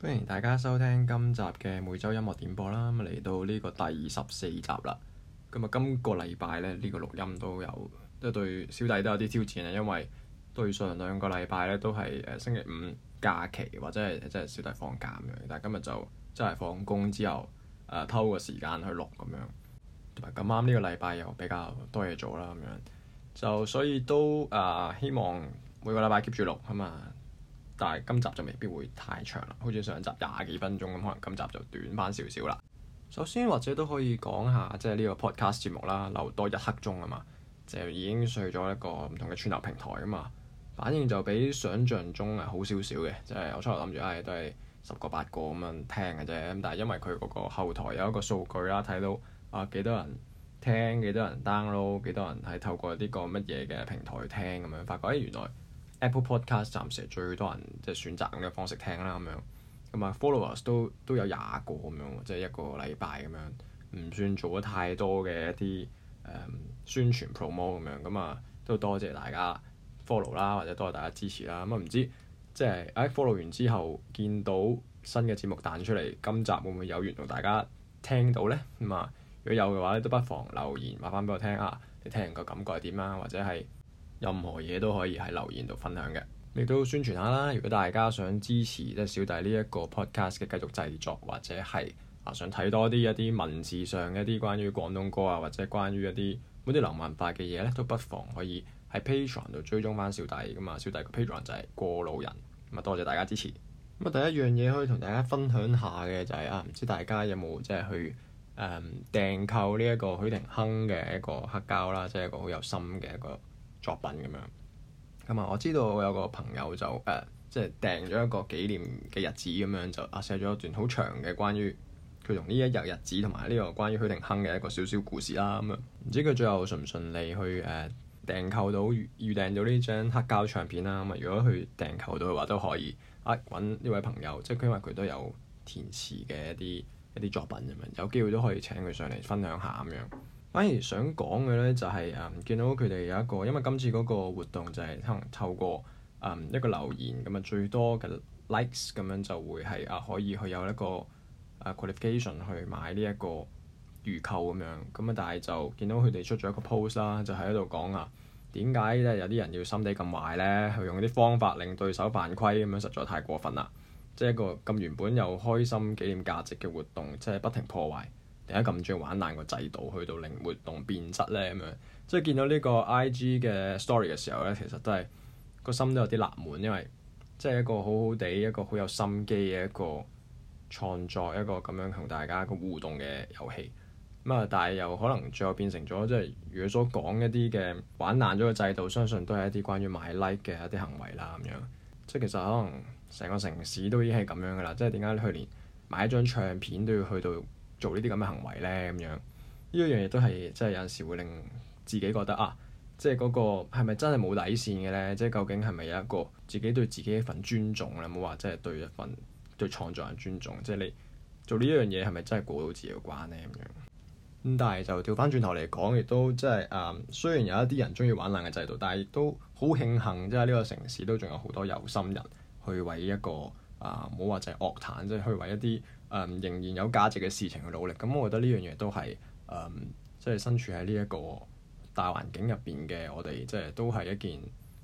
歡迎大家收聽今集嘅每周音樂點播啦，嚟到呢個第十四集啦。咁啊，今個禮拜咧呢、呢個錄音都有，即、就、係、是、對小弟都有啲挑戰啊，因為對上兩個禮拜咧都係誒星期五假期或者係即係小弟放假咁樣，但係今日就真係放工之後誒、呃、偷個時間去錄咁樣。咁啱呢個禮拜又比較多嘢做啦，咁樣就所以都誒、呃、希望每個禮拜 keep 住錄啊嘛。但係今集就未必會太長啦，好似上集廿幾分鐘咁，可能今集就短翻少少啦。首先或者都可以講下即係呢個 podcast 節目啦，留多一刻鐘啊嘛，就已經碎咗一個唔同嘅串流平台啊嘛，反應就比想象中係好少少嘅，即係我初頭諗住唉，都係十個八個咁樣聽嘅啫，咁但係因為佢嗰個後台有一個數據啦，睇到啊幾、呃、多人聽，幾多人 download，幾多人係透過呢個乜嘢嘅平台聽咁樣，發覺誒、哎、原來。Apple Podcast 暫時係最多人即係選擇咁嘅方式聽啦，咁樣咁啊 followers 都都有廿個咁樣，即係一個禮拜咁樣，唔算做得太多嘅一啲、呃、宣傳 promo 咁樣，咁啊都多謝大家 follow 啦，或者多謝大家支持啦，咁啊唔知即係誒 follow 完之後見到新嘅節目彈出嚟，今集會唔會有緣同大家聽到呢？咁啊如果有嘅話咧，都不妨留言話翻俾我聽啊，你聽完個感覺係點啊，或者係～任何嘢都可以喺留言度分享嘅，亦都宣傳下啦。如果大家想支持即係小弟呢一個 podcast 嘅繼續製作，或者係啊想睇多啲一啲文字上一啲關於廣東歌啊，或者關於一啲嗰啲流行文化嘅嘢咧，都不妨可以喺 Patreon 度追蹤翻小弟咁啊、嗯，小弟個 Patreon 就係過路人咁啊，多謝大家支持。咁啊，第一樣嘢可以同大家分享下嘅就係、是、啊，唔知大家有冇即係去誒、嗯、訂購呢一個許廷鏗嘅一個黑膠啦，即、就、係、是、一個好有心嘅一個。作品咁樣，咁、嗯、啊我知道我有個朋友就誒、呃，即係訂咗一個紀念嘅日子咁樣就啊寫咗一段好長嘅關於佢同呢一日日子同埋呢個關於許廷鏗嘅一個小小故事啦咁樣，唔、嗯、知佢最後順唔順利去誒、呃、訂購到預預訂到呢張黑膠唱片啦咁啊、嗯，如果佢訂購到嘅話都可以啊揾呢位朋友，即係因為佢都有填詞嘅一啲一啲作品咁樣，有機會都可以請佢上嚟分享下咁樣。反而想講嘅咧，就係誒見到佢哋有一個，因為今次嗰個活動就係可能透過誒、嗯、一個留言咁啊，最多嘅 likes 咁樣就會係啊可以去有一個、啊、qualification 去買呢一個預購咁樣。咁啊，但係就見到佢哋出咗一個 post 啦，就喺度講啊，點解咧有啲人要心地咁壞咧？用啲方法令對手犯規咁樣，實在太過分啦！即係一個咁原本有開心紀念價值嘅活動，即係不停破壞。而家咁中意玩爛個制度，去到令活動變質呢。咁樣即係見到呢個 IG 嘅 story 嘅時候呢，其實都係個心都有啲納悶，因為即係、就是、一個好好地一個好有心機嘅一個創作，一個咁樣同大家一個互動嘅遊戲。咁啊，但係又可能最後變成咗，即係如果所講一啲嘅玩爛咗個制度，相信都係一啲關於買 like 嘅一啲行為啦。咁樣即係其實可能成個城市都已經係咁樣噶啦。即係點解佢連買一張唱片都要去到？做呢啲咁嘅行為呢，咁樣呢一樣嘢都係，即係有陣時會令自己覺得啊，即係嗰個係咪真係冇底線嘅呢？即係究竟係咪有一個自己對自己一份尊重咧？冇話即係對一份對創作人尊重，即係你做呢一樣嘢係咪真係過到自己嘅關呢？咁樣咁但係就調翻轉頭嚟講，亦都即係誒，雖然有一啲人中意玩爛嘅制度，但係亦都好慶幸，即係呢個城市都仲有好多有心人去為一個。啊，冇話就係樂壇，即、就、係、是、去為一啲誒、嗯、仍然有價值嘅事情去努力。咁、嗯、我覺得呢樣嘢都係誒，即、嗯、係、就是、身處喺呢一個大環境入邊嘅我哋，即係都係一件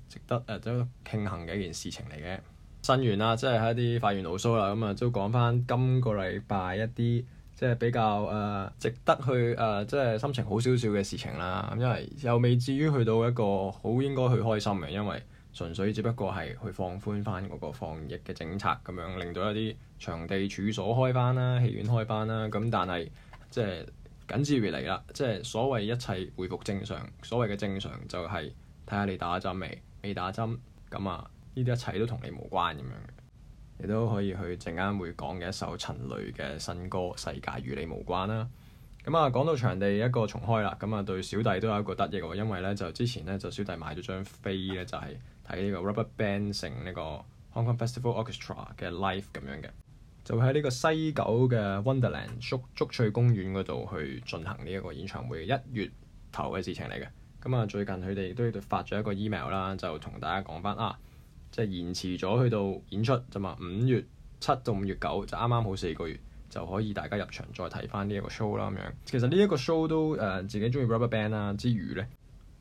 值得誒都、啊就是、慶幸嘅一件事情嚟嘅。新完啦，即係喺一啲發完牢騷啦，咁啊都講翻今個禮拜一啲即係比較誒、呃、值得去誒，即係心情好少少嘅事情啦、嗯。因為又未至於去到一個好應該去開心嘅，因為。純粹只不過係去放寬翻嗰個防疫嘅政策，咁樣令到一啲場地處所開翻啦，戲院開翻啦。咁但係即係緊接而嚟啦，即係所謂一切回復正常，所謂嘅正常就係睇下你打針未？未打針咁啊，呢啲一切都同你無關咁樣，你都可以去陣間會講嘅一首陳蕾嘅新歌《世界與你無關》啦。咁啊，講到場地一個重開啦，咁啊對小弟都有一個得益喎，因為呢就之前呢，就小弟買咗張飛呢，就係、是。喺呢個 RubberBand 成呢個 Hong Kong Festival Orchestra 嘅 live 咁樣嘅，就喺呢個西九嘅 Wonderland 竹竹翠公園嗰度去進行呢一個演唱會，一月頭嘅事情嚟嘅。咁啊，最近佢哋都要發咗一個 email 啦，就同大家講翻啊，即係延遲咗去到演出，就話五月七到五月九就啱啱好四個月就可以大家入場再睇翻呢一個 show 啦咁樣。其實呢一個 show 都誒、呃、自己中意 RubberBand 啦、啊、之餘呢。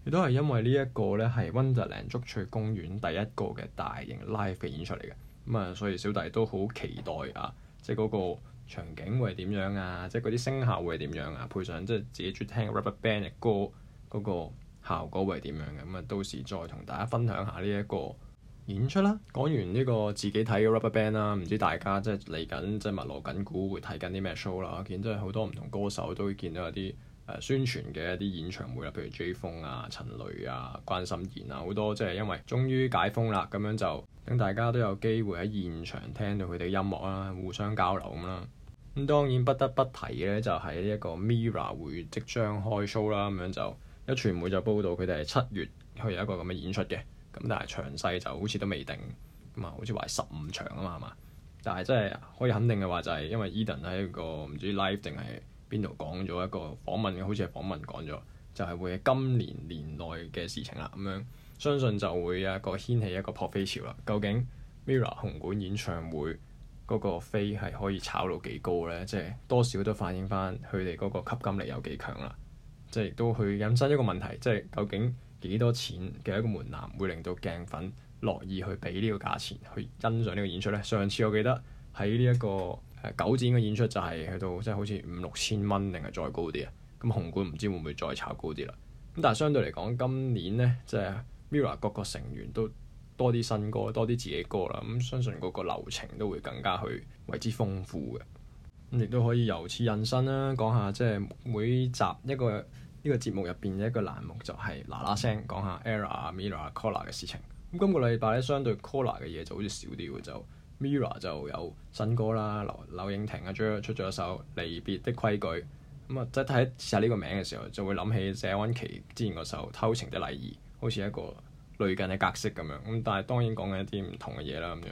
亦都係因為呢一個咧，係溫特蘭竹翠公園第一個嘅大型 live 演出嚟嘅，咁、嗯、啊，所以小弟都好期待啊！即係嗰個場景會係點樣啊？即係嗰啲聲效會係點樣啊？配上即係自己中意聽 Rubber Band 嘅歌嗰、那個效果會係點樣嘅？咁、嗯、啊，到時再同大家分享下呢一個演出啦。講完呢個自己睇嘅 Rubber Band 啦、啊，唔知大家即係嚟緊即係密鑼緊鼓會睇緊啲咩 show 啦？見真係好多唔同歌手都會見到有啲。誒宣傳嘅一啲演唱會啦，譬如 J.Fong，啊、陳蕾啊、關心妍啊，好多即係因為終於解封啦，咁樣就等大家都有機會喺現場聽到佢哋嘅音樂啦，互相交流咁啦。咁當然不得不提嘅就係呢一個 MIRROR 會即將開 show 啦，咁樣就有傳媒就報道佢哋係七月去有一個咁嘅演出嘅，咁但係詳細就好似都未定，咁啊好似話十五場啊嘛，係嘛？但係真係可以肯定嘅話，就係因為 Edan 喺一個唔知 live 定係。邊度講咗一個訪問？好似係訪問講咗，就係、是、會喺今年年內嘅事情啦，咁樣相信就會有一個掀起一個撲飛潮啦。究竟 MIRROR 紅館演唱會嗰個飛係可以炒到幾高呢？即係多少都反映翻佢哋嗰個吸金力有幾強啦。即係亦都去引申一個問題，即係究竟幾多錢嘅一個門檻會令到鏡粉樂意去俾呢個價錢去欣賞呢個演出呢？上次我記得喺呢一個。九展嘅演出就係去到即係、就是、好似五六千蚊，定係再高啲啊！咁紅館唔知會唔會再炒高啲啦？咁但係相對嚟講，今年呢，即、就、係、是、MIRROR 各個成員都多啲新歌，多啲自己歌啦。咁相信各個流程都會更加去為之豐富嘅。咁亦都可以由此引申啦、啊，講下即係每集一個呢、這個節目入邊一個欄目就係嗱嗱聲講下 Era、MIRROR、Collar 嘅事情。咁今個禮拜咧相對 Collar 嘅嘢就好似少啲嘅就。MIRROR 就有新歌啦，柳柳應廷啊，出咗一首《離別的規矩》。咁啊，即係睇試下呢個名嘅時候，就會諗起謝安琪之前嗰首《偷情的禮儀》，好似一個類近嘅格式咁樣。咁但係當然講緊一啲唔同嘅嘢啦咁樣。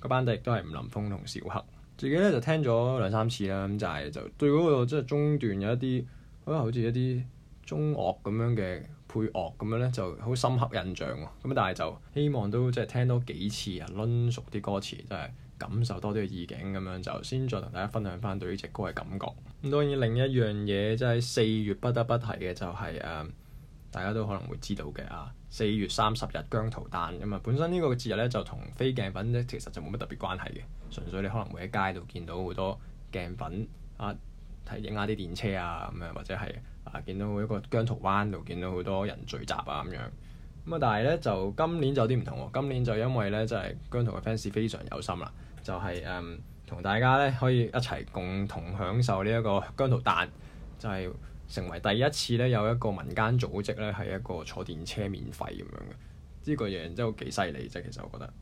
個班底亦都係吳林峰同小克，自己咧就聽咗兩三次啦，咁就係就對嗰、嗰個即係中段有一啲好似一啲。中樂咁樣嘅配樂咁樣呢，就好深刻印象喎、哦。咁但係就希望都即係聽多幾次啊，唸熟啲歌詞，真係感受多啲嘅意境咁樣，就先再同大家分享返對於隻歌嘅感覺。咁當然另一樣嘢即係四月不得不提嘅就係、是、誒、啊，大家都可能會知道嘅啊，四月三十日姜濤誕。咁啊。本身呢個節日呢，就同非鏡粉呢，其實就冇乜特別關係嘅，純粹你可能會喺街度見到好多鏡粉啊，睇影下啲電車啊咁樣，或者係。啊！見到一個姜濤灣度，見到好多人聚集啊，咁樣咁啊。但係咧，就今年就有啲唔同喎。今年就因為咧，即係姜濤嘅 fans 非常有心啦，就係、是、誒、嗯、同大家咧可以一齊共同享受呢一個姜濤誕，就係、是、成為第一次咧有一個民間組織咧係一個坐電車免費咁樣嘅呢、這個嘢，真係幾犀利啫。其實我覺得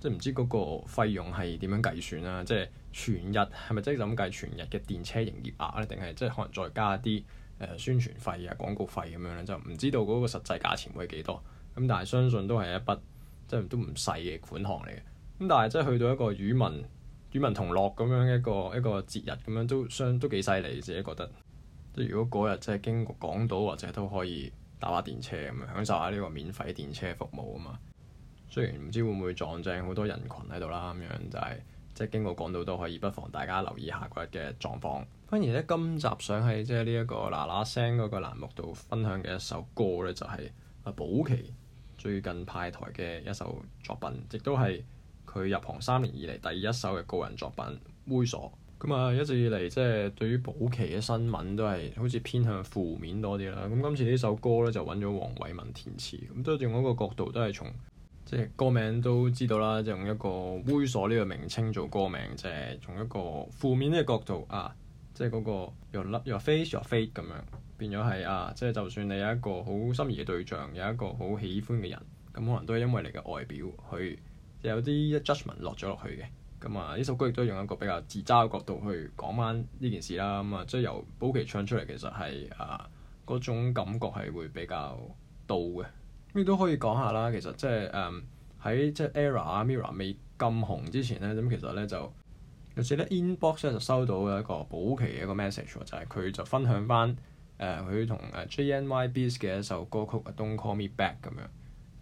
即係唔知嗰個費用係點樣計算啦、啊，即係全日係咪即係咁計全日嘅電車營業額咧，定係即係可能再加啲？呃、宣傳費啊，廣告費咁樣咧，就唔知道嗰個實際價錢會幾多，咁但係相信都係一筆即係都唔細嘅款項嚟嘅。咁但係即係去到一個與民與民同樂咁樣一個一個節日咁樣，都相都幾犀利，自己覺得。即係如果嗰日即係經過港島，或者都可以搭下電車咁樣，享受下呢個免費電車服務啊嘛。雖然唔知會唔會撞正好多人群喺度啦，咁樣就係。即係經過講到都可以，不妨大家留意下嗰日嘅狀況。反而咧，今集想喺即係呢一個嗱嗱聲嗰個欄目度分享嘅一首歌咧，就係啊保錡最近派台嘅一首作品，亦都係佢入行三年以嚟第一首嘅個人作品《猥瑣》。咁、嗯、啊，一直以嚟即係對於保錡嘅新聞都係好似偏向負面多啲啦。咁、嗯、今次呢首歌咧就揾咗黃偉文填詞，咁、嗯、都另外一個角度都係從。即係歌名都知道啦，就用一個猥瑣呢個名稱做歌名，即係從一個負面呢個角度啊，即係嗰個 your love your face your fate 咁樣變咗係啊，即係就算你有一個好心儀嘅對象，有一個好喜歡嘅人，咁可能都係因為你嘅外表去有啲一 judgment 落咗落去嘅。咁啊，呢首歌亦都用一個比較自嘲角度去講翻呢件事啦。咁啊，即係由保錡唱出嚟，其實係啊嗰種感覺係會比較刀嘅。咁亦都可以講下啦，其實即係誒喺即係 Era 啊 MIRROR 未咁紅之前咧，咁其實咧就有時咧 inbox 咧就收到一個保錡嘅一個 message 喎，就係、是、佢就分享翻誒佢同誒 JNY Beast 嘅一首歌曲《Don't Call Me Back》咁樣，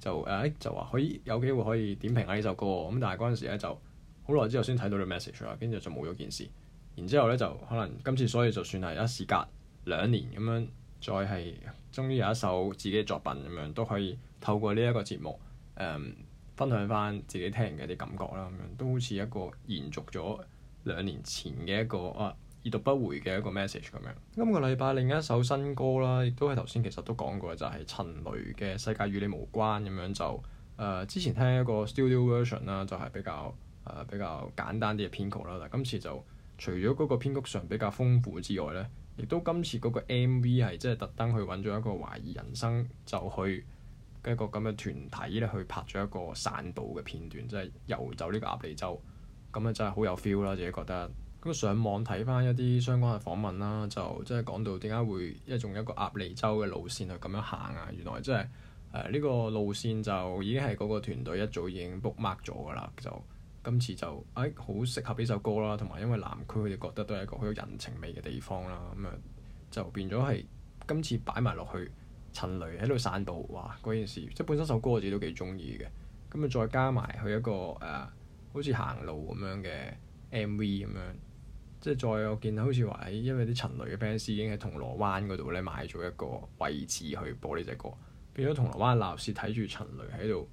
就誒、呃、就話佢有機會可以點評下呢首歌喎，咁但係嗰陣時咧就好耐之後先睇到咗 message 啦，跟住就冇咗件事，然之後咧就可能今次所以就算係一時隔兩年咁樣。再係，終於有一首自己嘅作品咁樣都可以透過呢一個節目，誒、嗯、分享返自己聽嘅啲感覺啦。咁樣都好似一個延續咗兩年前嘅一個啊已讀不回嘅一個 message 咁樣。今個禮拜另一首新歌啦，亦都係頭先其實都講過，就係、是、陳蕾嘅《世界與你無關》咁樣就誒、呃、之前聽一個 studio version 啦，就係比較誒、呃、比較簡單啲嘅編曲啦。嗱，今次就除咗嗰個編曲上比較豐富之外咧。亦都今次嗰個 MV 係，即係特登去揾咗一個懷疑人生就去一個咁嘅團體咧，去拍咗一個散步嘅片段，即係遊走呢個鴨脷洲，咁啊真係好有 feel 啦，自己覺得。咁上網睇返一啲相關嘅訪問啦，就即係講到點解會一仲有一個鴨脷洲嘅路線去咁樣行啊？原來即係呢個路線就已經係嗰個團隊一早已經 book mark 咗㗎啦就。今次就誒好、哎、適合呢首歌啦，同埋因為南區佢哋覺得都係一個好有人情味嘅地方啦，咁樣就變咗係今次擺埋落去陳蕾喺度散步，哇！嗰件事即係本身首歌我自己都幾中意嘅，咁啊再加埋佢一個誒、啊、好似行路咁樣嘅 MV 咁樣，即係再我見到好似話誒，因為啲陳蕾嘅 fans 已經喺銅鑼灣嗰度咧買咗一個位置去播呢隻歌，變咗銅鑼灣嘅鬧市睇住陳蕾喺度。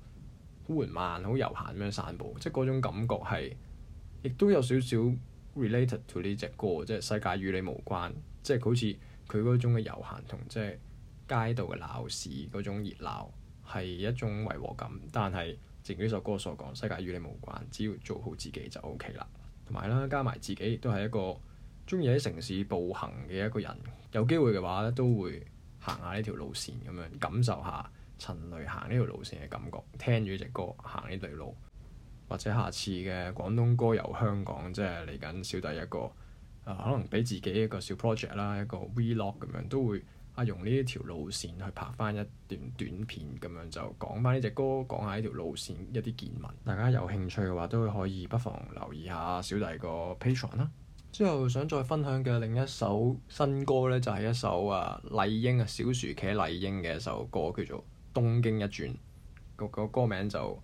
好緩慢、好悠閒咁樣散步，即係嗰種感覺係，亦都有少少 related to 呢隻歌，即係世界與你無關，即係好似佢嗰種嘅悠閒同即係街道嘅鬧市嗰種熱鬧係一種違和感。但係正如呢首歌所講，世界與你無關，只要做好自己就 OK 啦。同埋啦，加埋自己都係一個中意喺城市步行嘅一個人，有機會嘅話咧都會行下呢條路線咁樣感受下。陳蕾行呢條路線嘅感覺，聽住隻歌行呢對路，或者下次嘅廣東歌由香港，即係嚟緊小弟一個啊、呃，可能俾自己一個小 project 啦，一個 vlog 咁樣都會啊，用呢條路線去拍翻一段短片咁樣就講翻呢隻歌，講下呢條路線一啲見聞。大家有興趣嘅話，都可以不妨留意下小弟個 Patreon 啦。之後想再分享嘅另一首新歌呢，就係、是、一首啊麗英啊小薯茄《麗英》嘅一首歌叫做。東京一轉個個歌名就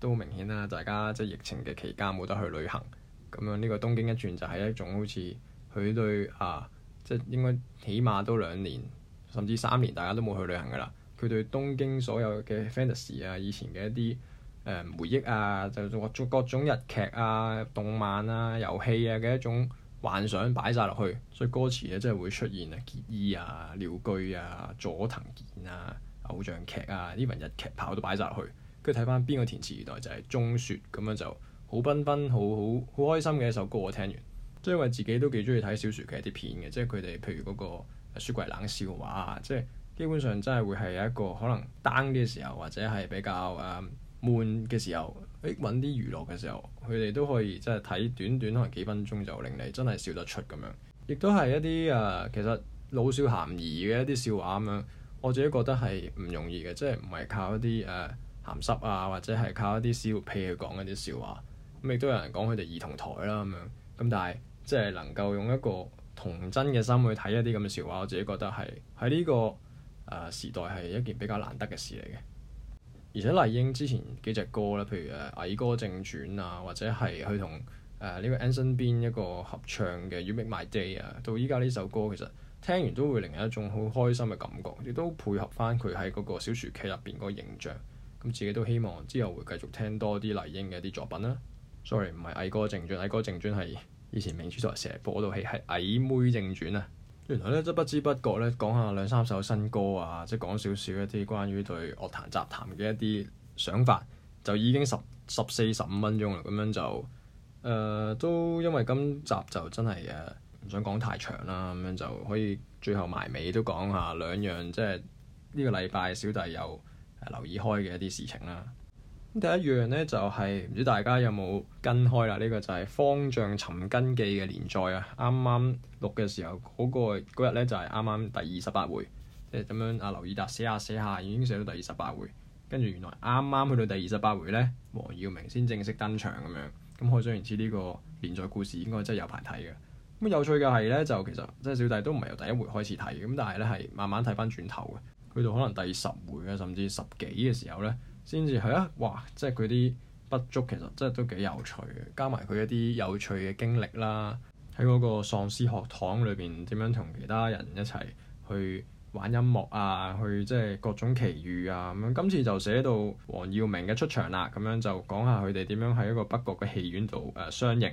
都好明顯啦。大家即係疫情嘅期間冇得去旅行，咁樣呢個東京一轉就係一種好似佢對啊，即係應該起碼都兩年甚至三年，大家都冇去旅行噶啦。佢對東京所有嘅 fantasy 啊，以前嘅一啲誒、呃、回憶啊，就各種日劇啊、動漫啊、遊戲啊嘅一種幻想擺晒落去，所以歌詞呢即係會出現啊結衣啊、鳥居啊、佐藤健啊。偶像劇啊，呢文日劇跑到擺晒落去，跟住睇翻邊個填詞二代就係、是、中雪咁樣就好繽紛，好好好開心嘅一首歌。我聽完，即係話自己都幾中意睇小説劇啲片嘅，即係佢哋譬如嗰個雪櫃冷笑話啊，即係基本上真係會係一個可能 down 嘅時候，或者係比較誒、uh, 悶嘅時候，誒揾啲娛樂嘅時候，佢哋都可以即係睇短短可能幾分鐘就令你真係笑得出咁樣，亦都係一啲誒、uh, 其實老少咸宜嘅一啲笑話咁樣。我自己覺得係唔容易嘅，即係唔係靠一啲誒鹹濕啊，或者係靠一啲笑屁去講一啲笑話，咁亦都有人講佢哋兒童台啦咁樣。咁但係即係能夠用一個童真嘅心去睇一啲咁嘅笑話，我自己覺得係喺呢個誒、呃、時代係一件比較難得嘅事嚟嘅。而且麗英之前幾隻歌咧，譬如誒《矮哥正傳》啊，或者係佢同誒呢個 Anson 邊一個合唱嘅《You Make My Day》啊，到依家呢首歌其實。聽完都會令人一種好開心嘅感覺，亦都配合翻佢喺嗰個小說劇入邊嗰個形象，咁自己都希望之後會繼續聽多啲麗英嘅啲作品啦。Sorry，唔係矮哥正傳，矮哥正傳係以前明珠台成日播嗰套戲係《矮妹正傳》啊。原來咧，即係不知不覺咧講下兩三首新歌啊，即係講少少一啲關於對樂壇雜談嘅一啲想法，就已經十十四十五分鐘啦。咁樣就誒、呃，都因為今集就真係誒、啊。唔想講太長啦，咁樣就可以最後埋尾都講下兩樣，即係呢個禮拜小弟有、啊、留意開嘅一啲事情啦。第一樣呢，就係、是、唔知大家有冇跟開啦？呢、這個就係《方丈尋根記》嘅連載啊。啱啱錄嘅時候，嗰、那個嗰日呢，就係啱啱第二十八回，即係咁樣啊。劉以達寫下、啊、寫下、啊啊，已經寫到第二十八回，跟住原來啱啱去到第二十八回呢，黃耀明先正式登場咁樣。咁可想而知，呢個連載故事應該真係有排睇嘅。咁有趣嘅係呢，就其實即係、就是、小弟都唔係由第一回開始睇，咁但係呢係慢慢睇翻轉頭嘅，去到可能第十回啊，甚至十幾嘅時候呢，先至係啊，哇！即係佢啲不足其實真係都幾有趣嘅，加埋佢一啲有趣嘅經歷啦，喺嗰個喪屍學堂裏邊點樣同其他人一齊去玩音樂啊，去即係各種奇遇啊咁樣。今次就寫到黃耀明嘅出場啦，咁樣就講下佢哋點樣喺一個北角嘅戲院度誒、呃、相迎。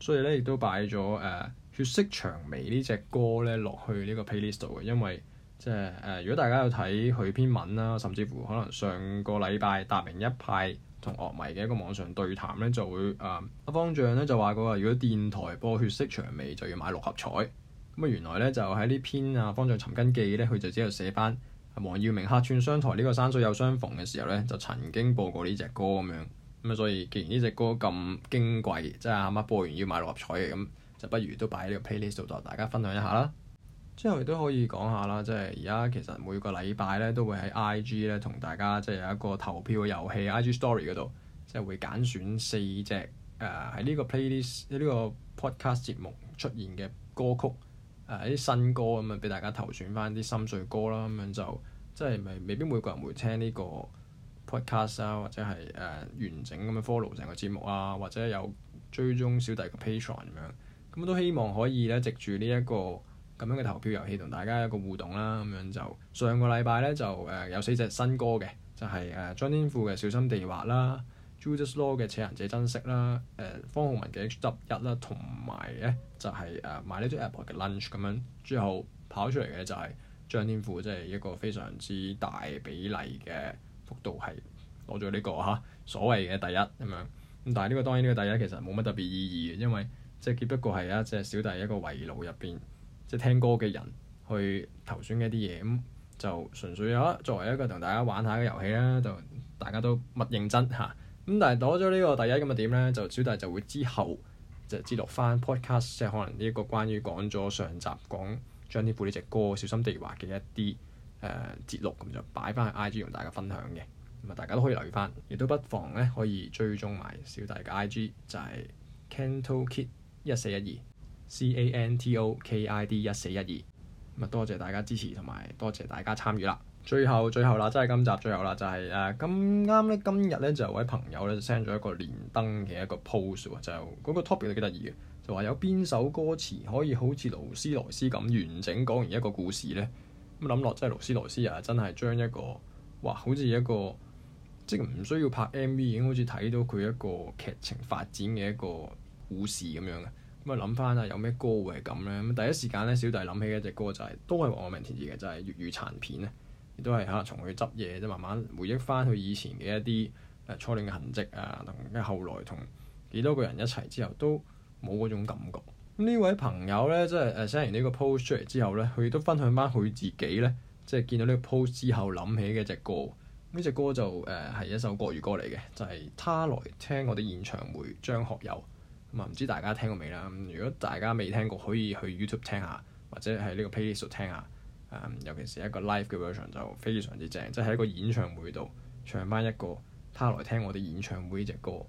所以咧，亦都擺咗誒《血色薔薇呢》呢隻歌咧落去呢個 playlist 度嘅，因為即係誒，如果大家有睇佢篇文啦，甚至乎可能上個禮拜達明一派同樂迷嘅一個網上對談咧，就會誒阿、呃、方丈咧就話過，如果電台播《血色薔薇》，就要買六合彩。咁啊，原來咧就喺呢篇《啊，方丈尋根記呢》咧，佢就只有寫翻黃耀明客串商台呢個山水有相逢嘅時候咧，就曾經播過呢隻歌咁樣。咁所以，既然呢隻歌咁矜貴，即係啱啱播完要買六合彩嘅，咁就不如都擺喺呢個 playlist 度，同大家分享一下啦。之後亦都可以講下啦，即係而家其實每個禮拜咧都會喺 IG 咧同大家即係有一個投票遊戲，IG story 嗰度即係會揀選四隻誒喺呢個 playlist 喺呢個，個 podcast 節目出現嘅歌曲誒啲、呃、新歌咁啊，俾大家投選翻啲心水歌啦。咁樣就即係咪未必每個人會聽呢、呢個？podcast，啊或者係誒、呃、完整咁樣 follow 成個節目啊，或者有追蹤小弟嘅 Patreon 咁樣，咁、嗯、都希望可以咧藉住呢一個咁樣嘅投票遊戲同大家一個互動啦。咁樣就上個禮拜咧就誒、呃、有四隻新歌嘅，就係誒張天賦嘅「小心地滑」啦，Judas Law 嘅扯人者珍惜啦，誒、呃、方浩文嘅執一啦，同埋咧就係誒 My Little Airport 嘅 lunch 咁樣，最後跑出嚟嘅就係張天賦，即、就、係、是、一個非常之大比例嘅。幅度係攞咗呢個嚇所謂嘅第一咁樣，咁但係呢、呢個當然呢個第一其實冇乜特別意義嘅，因為即係只不過係即係小弟一個圍爐入邊即係聽歌嘅人去投選嘅一啲嘢，咁就純粹啊作為一個同大家玩下嘅遊戲啦，就大家都咪認真嚇。咁、啊、但係攞咗呢個第一咁嘅點咧，就小弟就會之後就係接落翻 podcast，即係可能呢一個關於講咗上集講張天賦呢隻歌小心地滑嘅一啲。誒、呃、節錄咁就擺翻去 IG 同大家分享嘅，咁啊大家都可以留意翻，亦都不妨咧可以追蹤埋小弟嘅 IG，就係 Canto Kid 一四一二 C A N T O K I D 一四一二咁啊！多謝大家支持同埋多謝大家參與啦。最後最後啦，真係今集最後啦，就係誒咁啱咧，啊、今日咧就有位朋友咧 send 咗一個連登嘅一個 post 喎，那個，就嗰個 topic 都幾得意嘅，就話有邊首歌詞可以好似勞斯萊斯咁完整講完一個故事咧？咁諗落真係勞斯萊斯啊！真係將一個哇，好似一個即係唔需要拍 MV 已經好似睇到佢一個劇情發展嘅一個故事咁樣嘅。咁啊諗翻啊，有咩歌會係咁咧？咁第一時間咧，小弟諗起一隻歌就係、是、都係黃偉文填詞嘅，就係粵語殘片咧。亦都係嚇從佢執嘢，即慢慢回憶翻佢以前嘅一啲誒初戀嘅痕跡啊，同跟住後來同幾多個人一齊之後，都冇嗰種感覺。呢位朋友呢，即係誒 send 完呢個 post 出嚟之後呢，佢都分享翻佢自己呢，即係見到呢個 post 之後諗起嘅隻歌。呢隻歌就誒、是、係、呃、一首國語歌嚟嘅，就係、是《她來聽我的演唱會》，張學友。咁、嗯、啊，唔知大家聽過未啦？如果大家未聽過，可以去 YouTube 聽下，或者喺呢個 playlist 聽下。誒、呃，尤其是一個 live 嘅 version 就非常之正，即係喺一個演唱會度唱翻一個《她來聽我的演唱會》呢隻歌。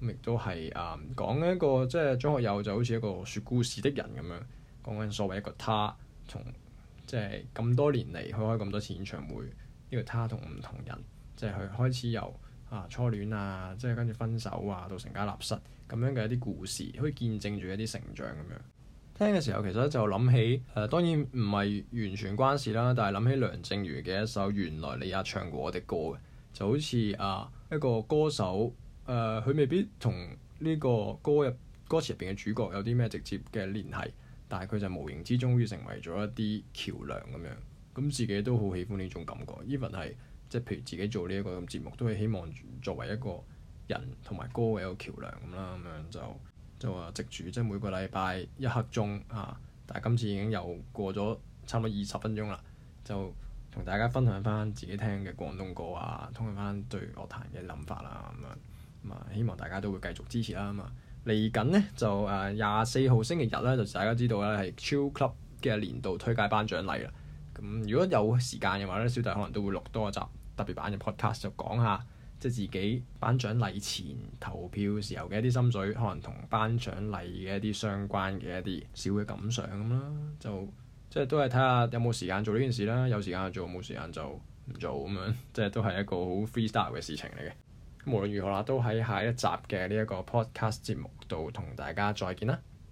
亦都係誒、嗯、講緊一個即係張學友就好似一個説故事的人咁樣，講緊所謂一個他，從即係咁多年嚟，佢開咁多次演唱會，呢、這個他同唔同人，即係佢開始由啊初戀啊，即係跟住分手啊，到成家立室咁樣嘅一啲故事，可以見證住一啲成長咁樣。聽嘅時候其實就諗起誒、呃，當然唔係完全關事啦，但係諗起梁靜茹嘅一首原來你也唱過我的歌嘅，就好似啊一個歌手。誒，佢、呃、未必同呢個歌入歌詞入邊嘅主角有啲咩直接嘅聯繫，但係佢就無形之中要成為咗一啲橋梁咁樣。咁自己都好喜歡呢種感覺。even 係即係譬如自己做呢一個咁節目，都係希望作為一個人同埋歌嘅一個橋梁咁啦。咁樣就就話藉住，即係每個禮拜一刻鐘嚇、啊。但係今次已經又過咗差唔多二十分鐘啦，就同大家分享翻自己聽嘅廣東歌啊，分享翻對樂壇嘅諗法啊咁樣。希望大家都會繼續支持啦嘛！嚟緊呢，就誒廿四號星期日咧，就大家知道咧係 Chill Club 嘅年度推介頒獎禮啦。咁如果有時間嘅話咧，小弟可能都會錄多一集特別版嘅 Podcast，就講下即係、就是、自己頒獎禮前投票時候嘅一啲心水，可能同頒獎禮嘅一啲相關嘅一啲小嘅感想咁啦。就即係都係睇下有冇時間做呢件事啦。有時間就做，冇時間就唔做咁樣。即係都係一個好 freestyle 嘅事情嚟嘅。無論如何啦，都喺下一集嘅呢一個 Podcast 節目度同大家再見啦～